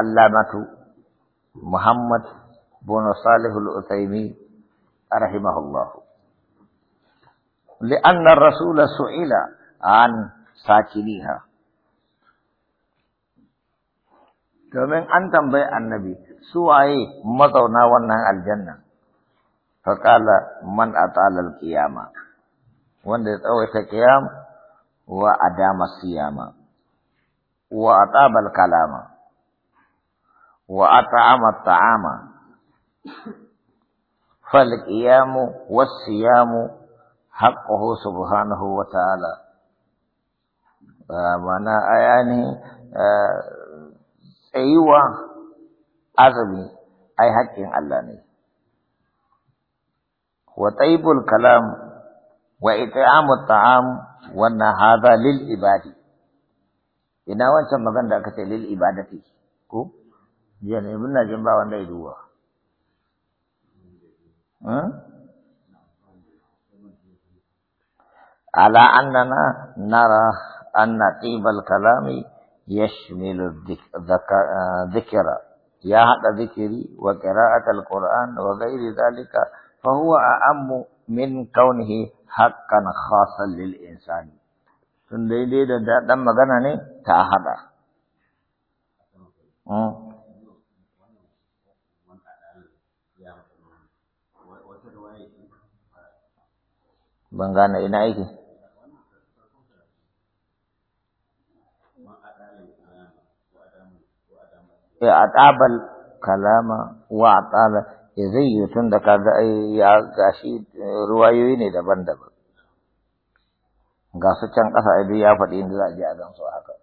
العلامة محمد بن صالح العثيمين رحمه الله لأن الرسول سئل عن ساكنيها domin an tambayi annabi su waye mazauna wannan aljanna faƙala man atala alqiyama wanda ya tsawaita qiyam wa adama siyama wa ataba kalama وأطعم الطعام فالقيام والصيام حقه سبحانه وتعالى معنى يعني tsayuwa azumi ai haƙƙin Allah ne. Wa taibul kalam wa it'amu ta'am wannan hadha lil ibadi. Ina wancan magana da aka ce lil ibadati ko? jiya يعني على أننا نرى أن طيب الكلام يشمل ذكر يا ذكري وقراءة القرآن وغير ذلك فهو أعم من كونه حقا خاصا للإنسان دي دا ban gane ina aiki ya eh, atabal kalama wa atala ya eh, zai yi tun da kaga eh, ya gashi ruwayoyi ne daban-daban ga su can ƙasa idan ya faɗi inda za a je a gansu haka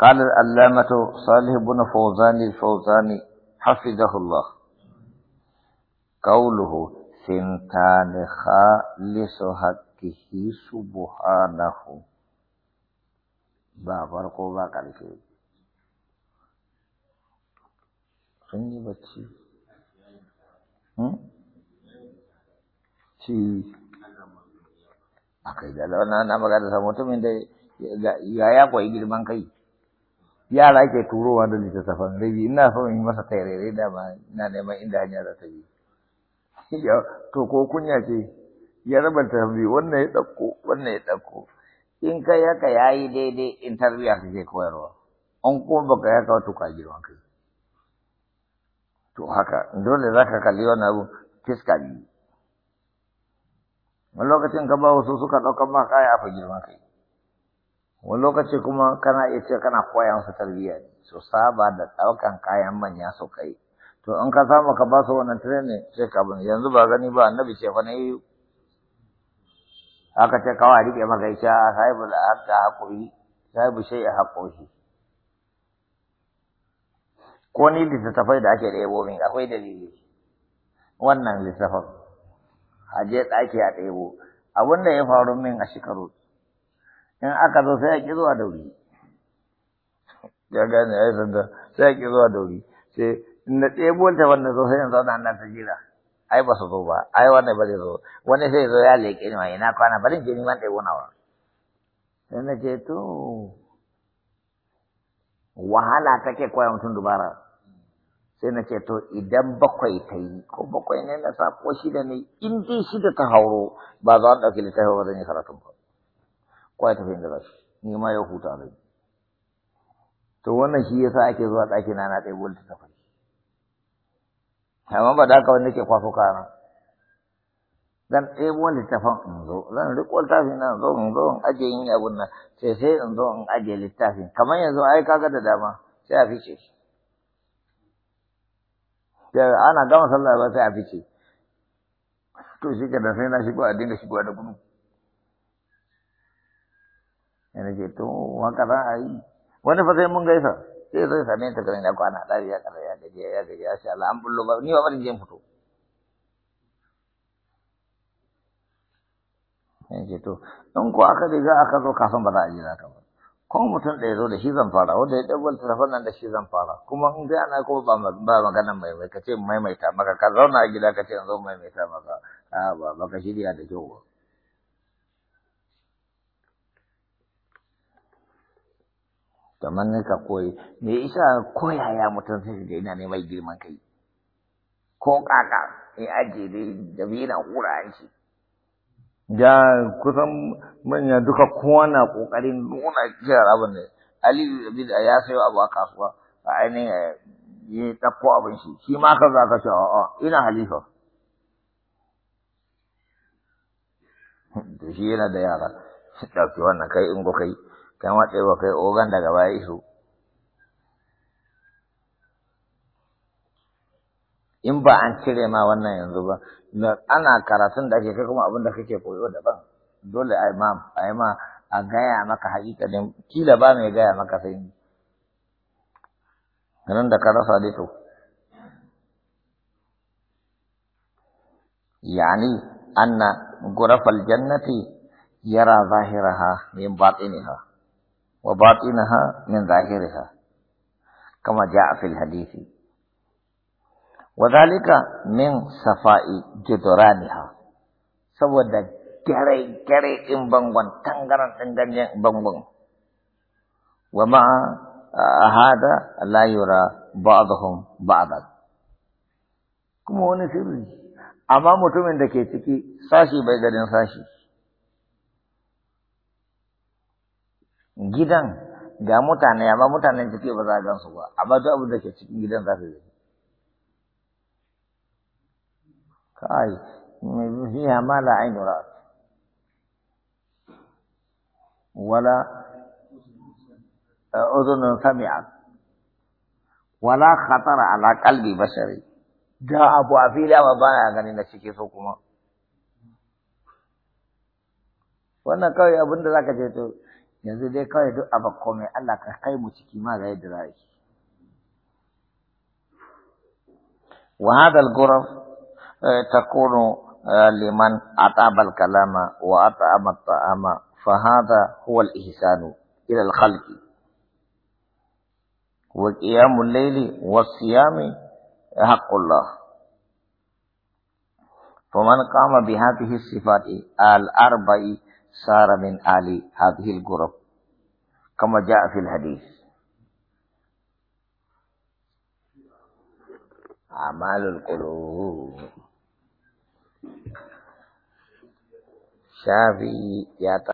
قال العلامة salih بن فوزان الفوزاني حفظه الله قوله سنتان خالص حقه سبحانه ba farko ba ƙarfe sun yi bacci ci a kai da launa na magana sa mutumin da ya ya koyi girman kai yara ke turowa da littattafan rabi ina so yi masa tairere da ba ina neman inda hanya za ta yi to ko kunya ce ya raba biyu, wannan ya ɗauko wannan ya ɗauko in kai haka ya yi daidai in tarbiya kake koyarwa an kuma baka ya kawo to ka girman kai to haka dole za ka kalli wani abu fiska biyu wani lokacin ka ba wasu suka ɗaukar ma kaya fa girman kai wani lokaci kuma kana iya ce kana koya musu tarbiyya So su saba da ɗaukan kayan manya su kai to in ka samu ka ba su wannan training sai ka bin yanzu ba gani ba annabi ce fa nayi aka ce kawai rike maka ita a sahibu da aka haƙuri sahibu sai a haƙoshi ko ni littattafai da ake ɗebo min akwai dalili wannan littattafan a je ɗaki a ɗebo abin da ya faru min a shekaru in aka zo sai a ƙi zuwa dauri ya gane ya sanda sai a ƙi zuwa dauri sai na ɗebo da wannan zo sai yanzu zauna nan ta jira ai ba su zo ba ai wannan ba zai zo wani sai zo ya leƙe ni ma ina kwana bari in je ni man ɗebo wa sai na ce to wahala take koya mutum dubara sai na ce to idan bakwai ta yi ko bakwai ne na sa ko shida ne in dai shida ta hauro ba za a ɗauki littafi ba zan yi karatun ba kwaya tafi inda za ni ma ya huta zai to wannan shi yasa ake zuwa ɗaki na na ɗaya bolta tafi amma ba da haka wanda ke kwaso kana Dan ɗebo littafin in zo zan riƙo littafin na zo in zo in ajiye yin abun nan sai sai in zo in ajiye littafin kamar yanzu ai kaga da dama sai a fice shi ana gama sallah ba sai a fice to shi kenan sai na shigo a dinga shigowa da gudu yana ce to haka za a yi wani fa sai mun gaisa sai zai same ta kan ya kwana ɗari ya ƙara ya gaji ya ya sha Allah an bullo ba ni ba barin je fito in ce to in ko aka riga aka zo kasan ba za a je za ka ba ko mutum da ya zo da shi zan fara wanda ya ɗaukar tarafan nan da shi zan fara kuma in dai ana ko ba maganan maimai ka ce maimaita maka ka zauna a gida ka ce in maimaita maka a ba baka shirya da kyau ba kamar ka koyi me isa koyaya mutum sai ga ina ne mai girman kai ko kaka in aje dai da bi hura an shi da kusan manya duka kowa na kokarin nuna jirar abin da Ali bin ya sayo abu a kasuwa a ainihin eh, ya ɗauko abin shi shi ma ka za ka ce a'a ina halifa to shi yana da yara ɗauki wannan kai in go kai Kan matse wa kai ogan daga baya iso in ba an cire ma wannan yanzu ba ana karatun da ake kai kuma abin da kake koyo daban dole a imam, a ma a ah, gaya maka hakikalin kila ba mai gaya maka sai ni nan da ka rasa dai to yani anna gurafal jannati yara zahiraha min batiniha وباطنها من ظاهرها كما جاء في الحديث وذلك من صفاء جدرانها سودا كري كري ام بنغون تنغران تنغران بنغون ومع آه، هذا لا يرى بعضهم بعضا كما هو نسير أما متومن دكي ساشي بيدرين ساشي gidan ga mutane amma mutanen ciki ba za a gansu ba amma duk abin da ke cikin gidan za su yi. kai fiha ma la ainu ra'at wala eh, udhun sami'at wala khatara ala qalbi bashari da abu a fili amma ba na gani na ciki so kuma wannan kawai abin da zaka ce to yanzu dai kawai duk abin komai Allah ka kai mu ciki ma ga yadda za a yi wa hadal guraf takunu liman ataba al-kalama wa ata'ama taama fa hadha huwa al-ihsanu ila al-khalq wa qiyamul layli was-siyami haqqullah فمن قام بهذه الصفات الأربعة صار من آل هذه القرب كما جاء في الحديث أعمال القلوب شافي يا